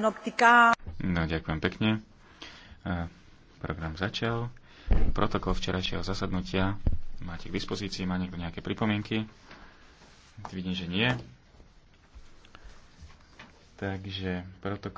No, ďakujem pekne. Program začal. Protokol včerajšieho zasadnutia máte k dispozícii. Má niekto nejaké pripomienky? Vidím, že nie. Takže protokol.